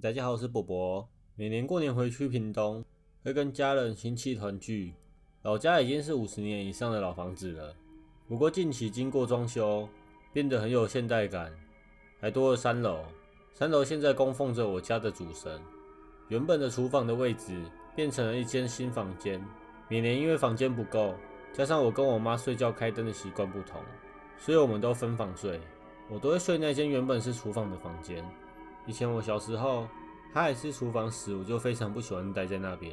大家好，我是博博。每年過年回去屏東，會跟家人親戚團聚。老家已經是五十年以上的老房子了，不過近期經過裝修，變得很有現代感，還多了三樓。三樓現在供奉着我家的主神。原本的廚房的位置，變成了一間新房間。每年因為房間不夠，加上我跟我媽睡覺開燈的習慣不同，所以我們都分房睡。我都會睡那間原本是廚房的房間。以前我小時候，他還是廚房時，我就非常不喜歡待在那邊，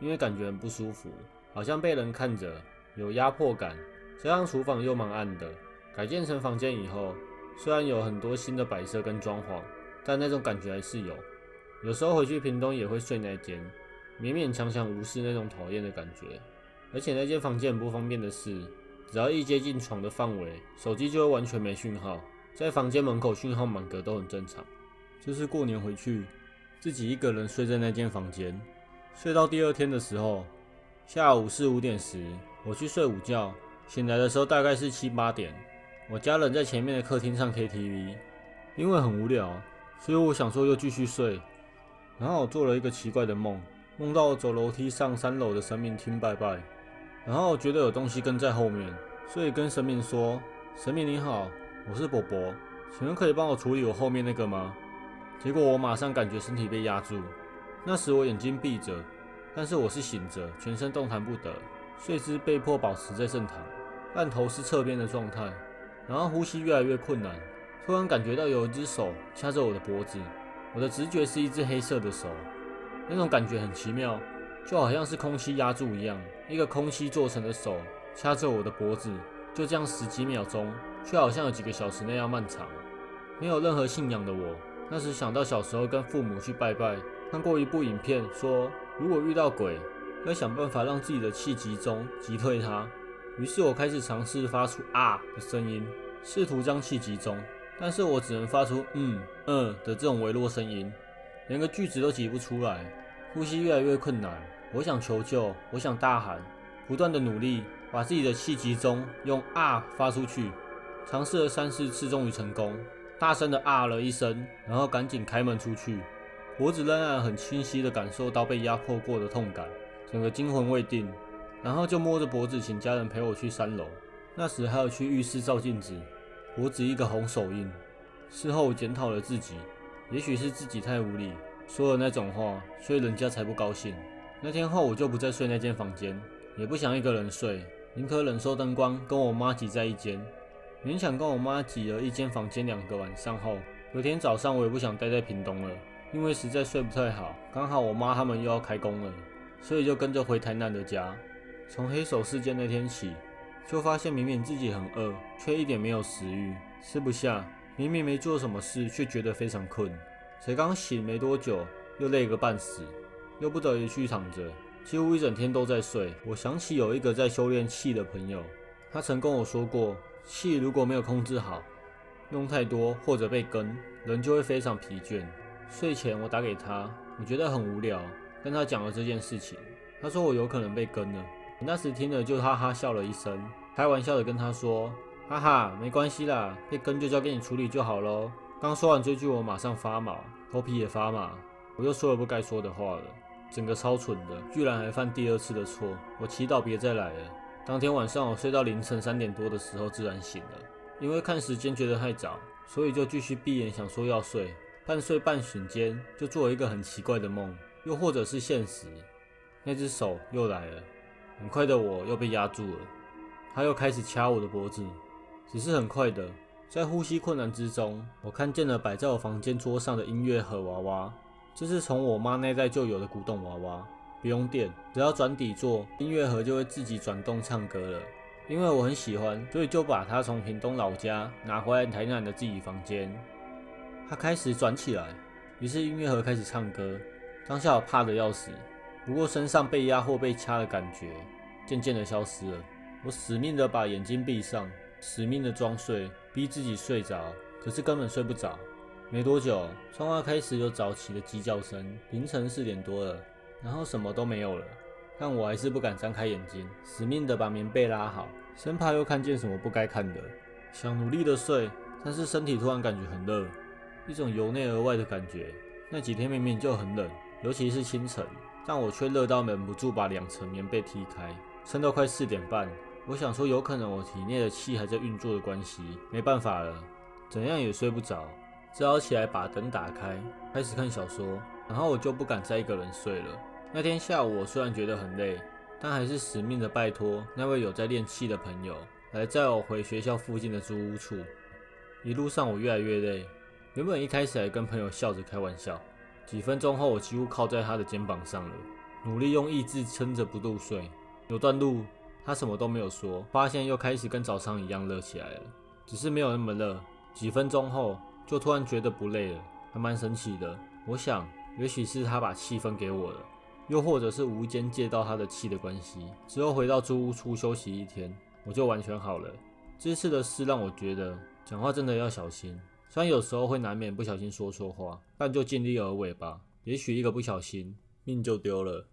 因為感覺很不舒服，好像被人看着，有壓迫感。加上廚房又蠻暗的，改建成房間以後，雖然有很多新的擺設跟裝潢，但那種感覺還是有。有時候回去屏東也會睡那間，勉勉強強無視那種討厭的感覺。而且那間房間很不方便的是，只要一接近床的範圍，手機就會完全沒訊號，在房間門口訊號滿格都很正常。就是過年回去，自己一個人睡在那間房間，睡到第二天的時候，下午四五點時我去睡午覺，醒來的時候大概是七八點，我家人在前面的客廳唱 KTV，因為很無聊，所以我想說又繼續睡，然後我做了一個奇怪的夢，夢到走樓梯上三樓的神明廳拜拜，然後覺得有東西跟在後面，所以跟神明說：“神明你好，我是伯伯，請問可以幫我處理我後面那個嗎？”結果我馬上感覺身體被壓住，那時我眼睛閉着，但是我是醒着，全身動彈不得，睡姿被迫保持在正躺，但頭是側邊的狀態。然後呼吸越來越困難，突然感覺到有一隻手掐着我的脖子，我的直覺是一隻黑色的手，那種感覺很奇妙，就好像是空氣壓住一樣，一個空氣做成的手掐着我的脖子，就這樣十幾秒鐘，卻好像有幾個小時那樣漫長。沒有任何信仰的我。那時想到小時候跟父母去拜拜，看過一部影片說，如果遇到鬼，要想辦法讓自己的氣集中，擊退它。於是我開始嘗試發出啊的聲音，試圖將氣集中，但是我只能發出嗯嗯的這種微弱聲音，連個句子都擠不出來，呼吸越來越困難。我想求救，我想大喊，不斷的努力，把自己的氣集中，用啊發出去，嘗試了三四次，終於成功。大聲的啊了一聲，然後趕緊開門出去。脖子仍然很清晰地感受到被壓迫過的痛感，整個驚魂未定，然後就摸着脖子，請家人陪我去三樓。那時還有去浴室照鏡子，脖子一個紅手印。事後我檢討了自己，也許是自己太無理，說了那種話，所以人家才不高興。那天後我就不再睡那間房間，也不想一個人睡，寧可忍受燈光，跟我媽擠在一間。勉強跟我媽擠了一間房間兩個晚上後，有天早上我也不想待在屏東了，因為實在睡不太好。剛好我媽他們又要開工了，所以就跟着回台南的家。從黑手事件那天起，就發現明明自己很餓，卻一點沒有食欲，吃不下；明明沒做什麼事，卻覺得非常困。才剛醒沒多久，又累個半死，又不得已去躺着，幾乎一整天都在睡。我想起有一個在修煉氣的朋友，他曾跟我說過。氣如果沒有控制好，弄太多或者被跟，人就會非常疲倦。睡前我打給他，我覺得很無聊，跟他講了這件事情。他說我有可能被跟了，我那時聽了就哈哈笑了一聲，開玩笑的跟他說：“哈哈，沒關係啦，被跟就交給你處理就好咯。”剛說完這句，我馬上發毛，頭皮也發麻，我又說了不該說的話了，整個超蠢的，居然還犯第二次的錯，我祈禱別再來了。當天晚上，我睡到凌晨三點多的時候自然醒了，因為看時間覺得太早，所以就繼續閉眼想說要睡。半睡半醒間，就做了一個很奇怪的夢，又或者是現實，那隻手又來了。很快的，我又被壓住了，他又開始掐我的脖子。只是很快的，在呼吸困難之中，我看見了擺在我房間桌上的音樂盒娃娃，這是從我媽那代就有的古董娃娃。不用電，只要轉底座，音樂盒就會自己轉動唱歌了。因為我很喜歡，所以就把它從屏東老家拿回來，台南的自己房間。它開始轉起來，於是音樂盒開始唱歌。當下我怕得要死，不過身上被壓或被掐的感覺漸漸的消失了。我死命的把眼睛閉上，死命的裝睡，逼自己睡着，可是根本睡不着。沒多久，窗外開始有早起的雞叫聲，凌晨四點多了。然後什麼都沒有了，但我還是不敢張開眼睛，死命的把棉被拉好，生怕又看見什麼不該看的。想努力的睡，但是身體突然感覺很熱，一種由內而外的感覺。那幾天明明就很冷，尤其是清晨，但我卻熱到忍不住把兩層棉被踢開。撐到快四點半，我想說有可能我體內的氣還在運作的關係，沒辦法了，怎樣也睡不着，只好起來把燈打開，開始看小說。然後我就不敢再一個人睡了。那天下午，我雖然覺得很累，但還是死命的拜托那位有在練氣的朋友來載我回學校附近的租屋處。一路上我越來越累，原本一開始還跟朋友笑着開玩笑，幾分鐘後我幾乎靠在他的肩膀上了，努力用意志撐着不入睡。有段路他什麼都沒有說，發現又開始跟早上一樣熱起來了，只是沒有那麼熱。幾分鐘後就突然覺得不累了，還蠻神奇的。我想，也許是他把氣分給我了。又或者是無意間借到他的氣的關係，之後回到租屋處休息一天，我就完全好了。這次的事讓我覺得，講話真的要小心。雖然有時候會難免不小心說錯話，但就盡力而為吧。也許一個不小心，命就丟了。